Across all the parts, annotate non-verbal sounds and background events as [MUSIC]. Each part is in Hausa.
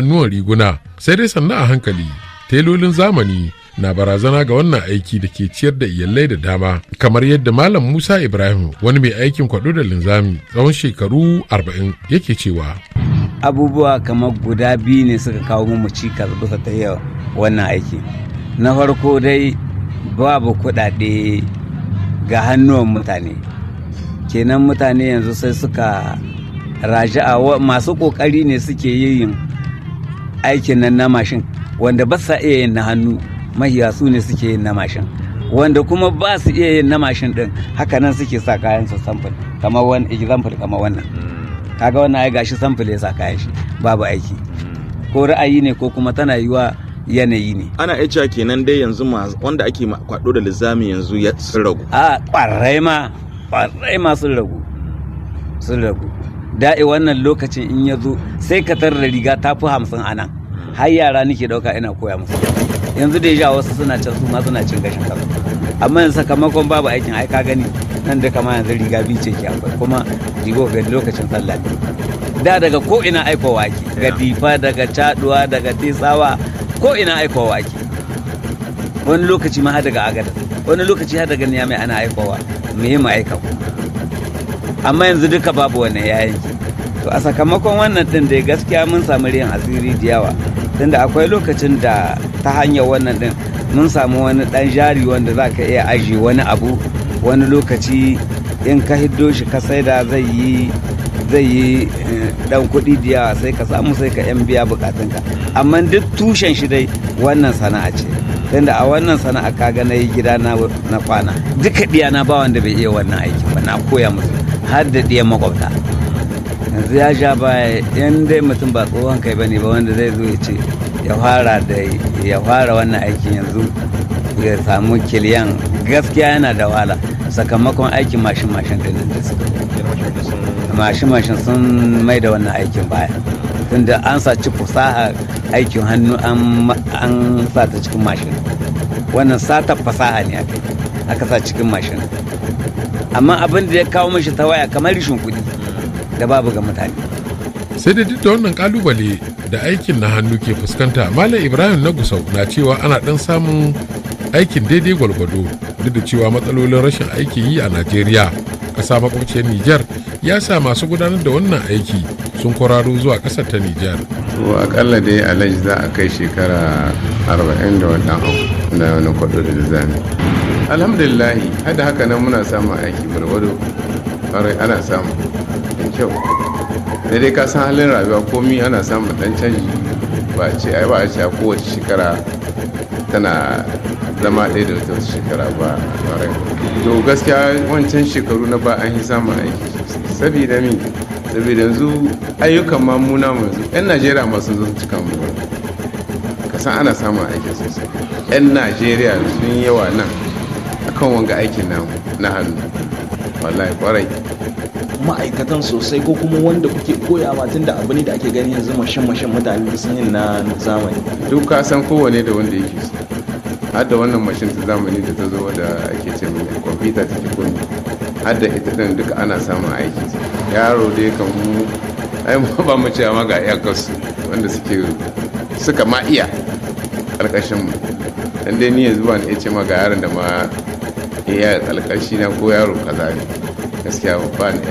hannuwan riguna sai dai sannan a hankali telolin zamani na barazana ga wannan aiki da ke ciyar da iyalai da dama kamar yadda malam musa ibrahim wani mai aikin kwado da linzami tsawon shekaru 40 yake cewa abubuwa kamar guda biyu ne suka kawo mu cikas bisa ta yau wannan aiki na farko dai babu kuɗaɗe ga hannuwan mutane kenan mutane yanzu sai suka raja'a masu ƙoƙari ne suke yin aikin nan na mashin wanda ba sa iya yin na hannu mahiya su ne suke yin na mashin wanda kuma ba su iya yin na mashin din haka nan suke sa kayan su samfil kamar wani example kamar wannan kaga wannan ai gashi samfil ya sa kayan shi babu aiki ko ra'ayi ne ko kuma tana yiwa yanayi ne ana iya kenan dai yanzu wanda ake kwado da lizami yanzu ya sun ragu a kwarai ma kwarai ma sun ragu sun ragu da'i wannan lokacin in ya zo sai ka tarra riga ta fi hamsin a nan har yara nake ɗauka ina koya musu yanzu da ya wasu suna can su ma suna cin gashin kansu amma yanzu sakamakon babu aikin ai ka gani nan da kama yanzu riga biyu ce ke akwai kuma jigo ga lokacin sallah da daga ko ina aikowa waki Ga difa daga caduwa daga tsawa ko ina aikowa waki wani lokaci ma daga agada wani lokaci har daga niyamai ana aikowa me yi kuma amma yanzu duka babu wani yayi to a sakamakon wannan din dai gaskiya mun samu riyan asiri da yawa tunda akwai lokacin da ta hanyar wannan din mun samu wani dan jari wanda za ka iya ajiye wani abu wani lokaci in ka hiddo shi ka saida zai yi zai yi dan eh, kuɗi da yawa sai ka samu sai ka yan biya bukatunka amma duk tushen shi dai wannan sana'a ce tunda a wannan sana'a kaga na yi gida na kwana duka diya na ba wanda bai iya wannan aiki ba na koya musu har da ɗiyan makwabta yanzu ya sha baya in dai mutum ba tsohon kai bane ba wanda zai zo ya ce ya fara da ya fara wannan aikin yanzu ya samu kiliyan gaskiya yana da wahala sakamakon aikin mashin mashin din da suka mashin mashin sun mai da wannan aikin baya tunda an sa ci fasaha aikin hannu an sa ta cikin mashin wannan sata fasaha ne aka sa cikin mashin amma abin da ya kawo mashi tawaya kamar rishin kuɗi da babu ga mutane sai da duk da wannan kalubale da aikin na hannu ke fuskanta malam ibrahim na gusau na cewa ana ɗan samun aikin daidai gwalgwado duk da cewa matsalolin rashin aikin yi a najeriya ƙasa makwabciyar nijar ya sa masu gudanar da wannan aiki sun kwararo zuwa ƙasar ta nijar to akalla dai alaji za a kai shekara 40 da wannan da wani kwado da zane alhamdulillahi hada haka nan muna samun aiki gwargwado ƙarai ana samu da kyau dai ka san halin rayuwa komi ana samun dan canji ba a ce ba a ce kowace shekara tana zama ɗaya da wata shekara ba ƙarai to gaskiya wancan shekaru na ba an yi samun aiki saboda mi saboda yanzu ayyukan mamuna mu yanzu yan najeriya masu zo cika mu ka san ana samun aiki sosai yan najeriya sun yawa nan kan wanga aikin na na hannu wallahi kwarai ma'aikatan sosai ko kuma wanda kuke koyawa tun da abu ne da ake gani yanzu mashin mashin mutane da sun yi na zamani duk ka san kowane da wanda yake so har da wannan mashin ta zamani da ta zo da ake ce mai kwamfuta ta cikin har da ita din duka ana samun aiki yaro dai kan mu ai ba mu ce ma ga iyakarsu wanda suke suka ma iya ƙarƙashin mu dan dai ni yanzu ba ni ce ma ga yaron da ma Eh, yaro alkashi na ko yaro kaza ne gaskiya ba ni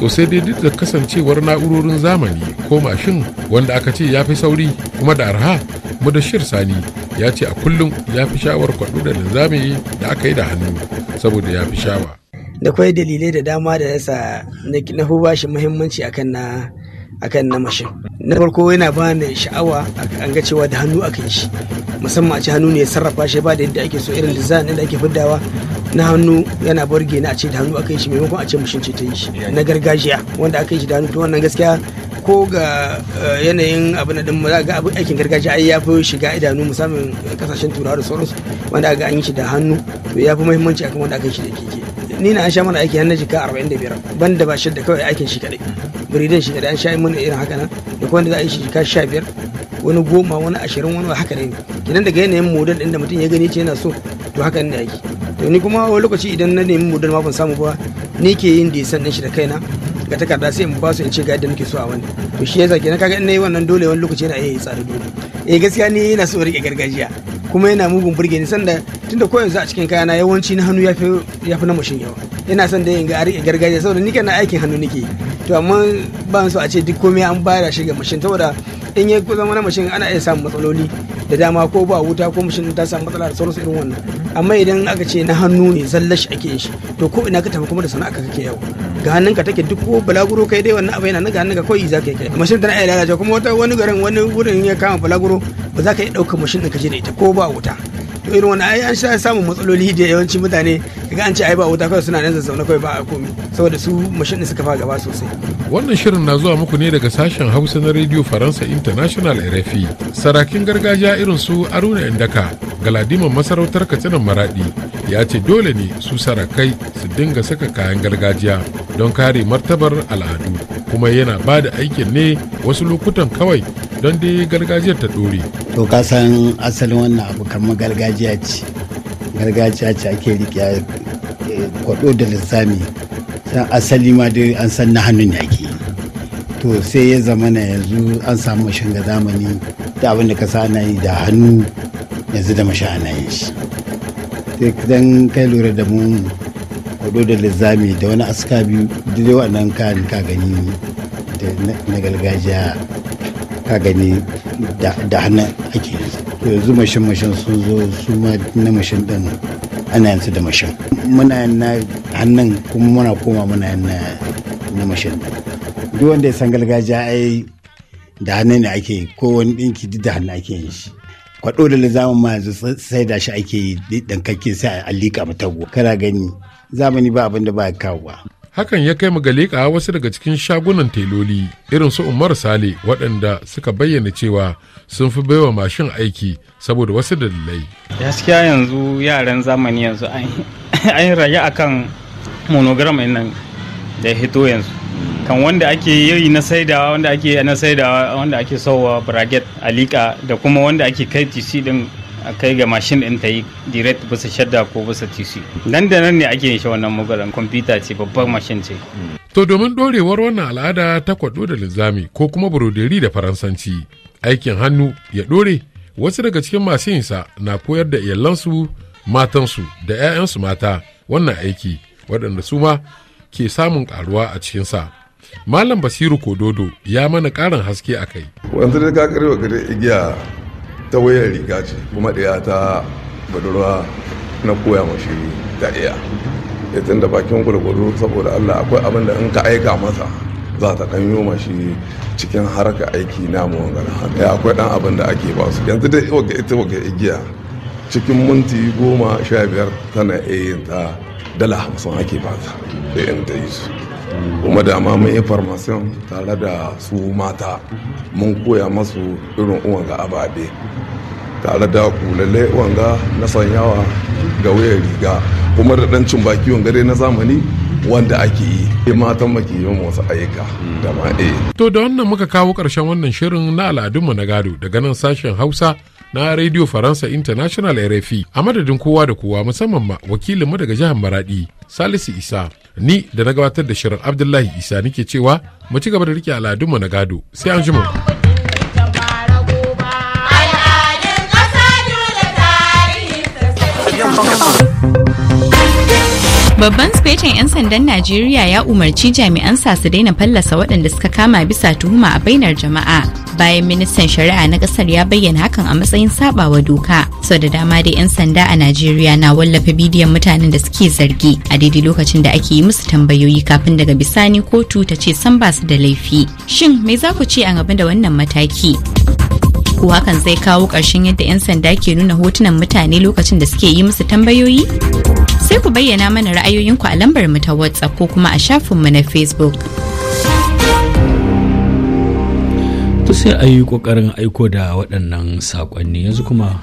to sai dai duk da kasancewar na'urorin zamani ko mashin wanda aka ce ya fi sauri kuma da arha mudashir sani ya ce a kullum ya fi shawar kwaɗo da linzami da aka yi da hannu saboda ya fi shawa da kwai dalilai da dama da yasa na fi ba shi muhimmanci akan na akan na mashin na farko yana ba ni sha'awa an ga cewa da hannu aka yi shi musamman a ci hannu ne sarrafa shi ba da yadda ake so irin design da ake fiddawa na hannu yana burge ni a ce da hannu aka yi shi maimakon a ce mushin ce ta yi shi na gargajiya wanda aka yi shi da hannu to wannan gaskiya ko ga eh, yanayin abin din mu ga abin aikin gargajiya ai fi shiga idanu musamman kasashen turawa da sauransu wanda aka an yi shi da hannu to fi muhimmanci akan wanda aka yi shi da keke ni na an sha mana aiki har na jika 45 banda ba shi da kawai aikin shi kadai buridan shi kadai an sha mana irin haka nan da kuma za a yi shi jika 15 wani goma wani ashirin wani haka ne kidan daga yanayin model din da mutum ya gani ce yana so to haka ne ake to ni kuma wani lokaci idan na nemi model ma ban samu ba ni ke yin design din shi da kaina ga takarda sai in ba su in ce ga yadda nake so a wani to shi yasa kenan kaga in nayi wannan dole wani lokaci yana iya yi tsada dole eh gaskiya ni yana so rike gargajiya kuma yana mugun burge ni sanda tunda ko yanzu a cikin kayana yawanci na hannu yafi yafi na mashin yawa ina son da in ga rike gargajiya saboda ni kenan aikin hannu nake to amma ban so a ce duk komai an bayar shi ga mashin saboda in ya zama na mashin ana iya samun matsaloli da dama ko ba wuta ko mashin ta samu matsala da sauransu irin wannan amma idan aka ce na hannu ne zallash ake yin shi to ko ina ka tafi kuma da sana'a kake yau ga ka take duk ko balaguro kai dai wannan abu yana nan ga ka koyi za ka yi kai mashin tana iya lalacewa kuma wani garin wani wurin ya kama balaguro ba za ka iya ɗaukar mashin ɗin ka je da ita ko ba wuta to irin wani ai an sha samun matsaloli da yawanci mutane ga an ce ai ba wuta kawai suna nan zazzauna kawai ba a komi saboda su mashin suka fara gaba sosai wannan shirin na zuwa muku ne daga sashen hausa na rediyo faransa international rfi sarakin gargajiya irin su aruna indaka galadiman masarautar katsinan maradi ya ce dole ne su sarakai su dinga saka kayan gargajiya don kare martabar al'adu kuma yana ba da aikin ne wasu lokutan kawai don dai gargajiyar ta dore to ka san asalin wannan abu kamar gargajiya ce gargajiya ce ake riƙe eh, kwado da lissami san asali ma dai an san na hannun yaki to sai ya zama na yanzu an samu mashin ga zamani da abinda da ka sa ana yi da hannu yanzu da mashi ana yin shi dan kai lura da mun kwado da lissami da wani aska biyu duk wannan kayan ka gani na gargajiya ka gani da hannun ake to yanzu mashin mashin sun zo su ma na mashin din ana yanzu da mashin muna na hannun kuma muna koma muna na mashin duk wanda ya san gargajiya ai da hannun ne ake ko wani dinki duk da hannun ake yin shi kwaɗo da lizamin ma yanzu sai da shi ake yi dan kake sai a liƙa mata kana gani zamani ba abin da ba kawo ba hakan ya kai magalika wasu daga cikin shagunan teloli irin su umar sale waɗanda suka bayyana cewa sun fi baiwa mashin aiki saboda wasu dalilai gaskiya yanzu yaran zamani yanzu an [LAUGHS] rayu akan monogram nan da hito yanzu kan wanda ake yi na saidawa wanda ake na saidawa wanda ake sauwa alika da kuma wanda ake kai tc din a kai ga mashin ɗin ta yi direct bisa shadda ko bisa tisi nan da nan ne ake yin shi wannan mugaran kwamfuta ce babbar mashin ce to domin ɗorewar wannan al'ada ta kwado da linzami ko kuma buroderi da faransanci aikin hannu ya ɗore wasu daga cikin masu yinsa na koyar da iyalansu matansu da 'ya'yansu mata wannan aiki waɗanda su ma ke samun ƙaruwa a cikinsa Malam Basiru Kododo ya mana ƙarin haske a kai. Wanzu da ka karewa gare igiya ta wayar riga ce kuma ɗaya ta budurwa na koya mashi ta iya ya eh, tunda bakin gwargwado saboda allah akwai abin da in ka aika masa za ta kanyo mashi cikin harka aiki na mu ya akwai dan abin da ake ba su yanzu dai waga ita waga igiya cikin minti goma sha biyar tana iya yin ta dala hamsin ake ba ta da in ta yi su kuma da ma mun information tare da su mata mun koya masu irin uwan ga ababe tare da kulalle wanga na sanyawa ga wayar riga kuma da dan cin baki wanga dai na zamani wanda ake yi matan yi wasu ayyuka da ma eh. to da wannan muka kawo karshen wannan shirin na al'adunmu na gado daga nan sashen hausa na radio faransa international rfi a madadin kowa da kowa musamman ma wakilinmu daga jihar maradi salisu isa ni da na gabatar da shirin abdullahi isa nike cewa mu ci gaba da rike al'adunmu na gado sai an jima Babban sifetin 'yan sandan Najeriya ya umarci jami'an sa su daina fallasa waɗanda suka kama bisa tuhuma a bainar jama'a. Bayan ministan shari'a na ƙasar ya bayyana hakan a matsayin sabawa doka. sau da dama da 'yan sanda a najeriya na wallafa bidiyon mutanen da suke zargi a daidai lokacin da ake yi musu tambayoyi kafin daga bisani kotu ta ce san basu da laifi shin me za ku ce a gaba da wannan mataki ko hakan zai kawo ƙarshen yadda 'yan sanda ke nuna hotunan mutane lokacin da suke yi musu tambayoyi sai ku bayyana mana ra'ayoyinku a lambar mu ta whatsapp ko kuma a shafinmu na facebook to sai a yi ƙoƙarin aiko da waɗannan saƙonni yanzu kuma